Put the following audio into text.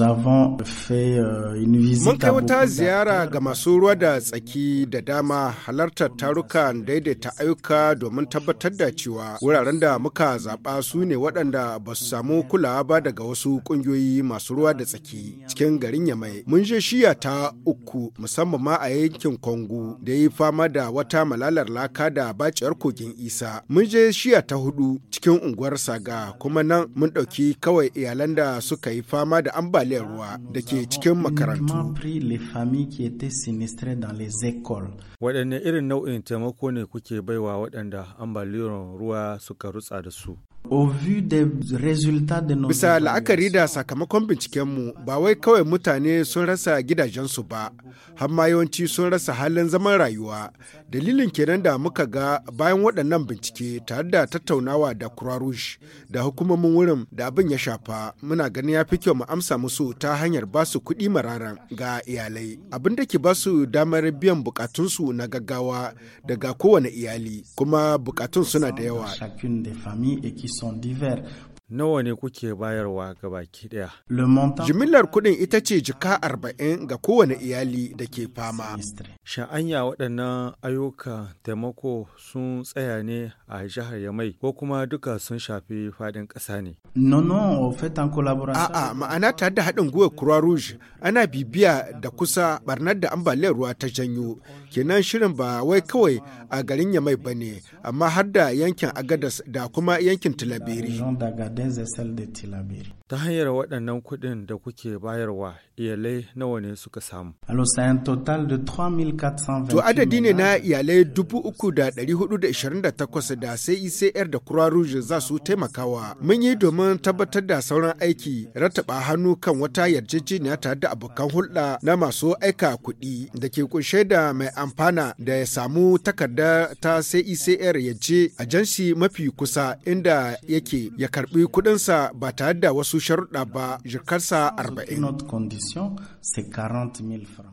Euh, mun kai wata ziyara ga masu ruwa da tsaki da dama halartar tarukan daidaita ayyuka domin tabbatar da cewa wuraren da muka zaɓa su ne waɗanda ba su samu kulawa ba daga wasu ƙungiyoyi masu ruwa da tsaki cikin garin Yamai. Mun je shiya ta uku musamman ma a yankin Kongo da yi fama da wata malalar laka da baciyar kogin Isa. Mun je shiya ta hudu cikin unguwar Saga kuma nan mun ɗauki kawai iyalan da suka yi fama da an ambaliyar ruwa da ke cikin makarantu. Waɗanne irin nau'in taimako ne kuke baiwa waɗanda ambaliyar ruwa suka rutsa da su? Bisa la'akari da sakamakon bincikenmu ba wai kawai mutane sun rasa gidajensu ba, har ma yawanci sun rasa halin zaman rayuwa. Dalilin kenan da muka ga bayan waɗannan bincike tare da tattaunawa da Croix da hukumomin wurin da abin ya shafa muna ganin ya fi kyau mu amsa musu ta hanyar ba su kuɗi mararan ga iyalai. Abin da ke ba su damar biyan bukatunsu na gaggawa daga kowane iyali kuma bukatun suna da yawa. sont divers. nawa ne kuke bayarwa ga baki daya? Jimillar kuɗin ita ce jika arba'in ga kowane iyali da ke fama. Sha'anya waɗannan ayyuka taimako sun tsaya ne a jihar Yamai ko kuma duka sun shafi faɗin ƙasa ne. A'a ma'ana ta da haɗin gwiwar Croix Rouge ana bibiya da kusa barnar da ambaliyar ruwa ta janyo. Kenan shirin ba wai kawai a garin Yamai ba ne amma har da yankin Agadas da kuma yankin Tilabiri. DSSL da tilabiri Ta hanyar waɗannan kuɗin da kuke bayarwa iyalai nawa ne suka samu? Alors c'est un total de 3420. To adadi ne na iyalai 3428 da sai ICR e da Croix Rouge za su taimakawa. Mun yi domin tabbatar da sauran aiki rataba hannu kan wata yarjejeniya tare da abokan hulɗa na masu aika kuɗi da ke kunshe da mai amfana da ya samu takarda ta sai ICR e ya je ajansi mafi kusa inda yake ya karbi. biyu kuɗinsa ba tare da wasu sharuɗa ba jikarsa arba'in.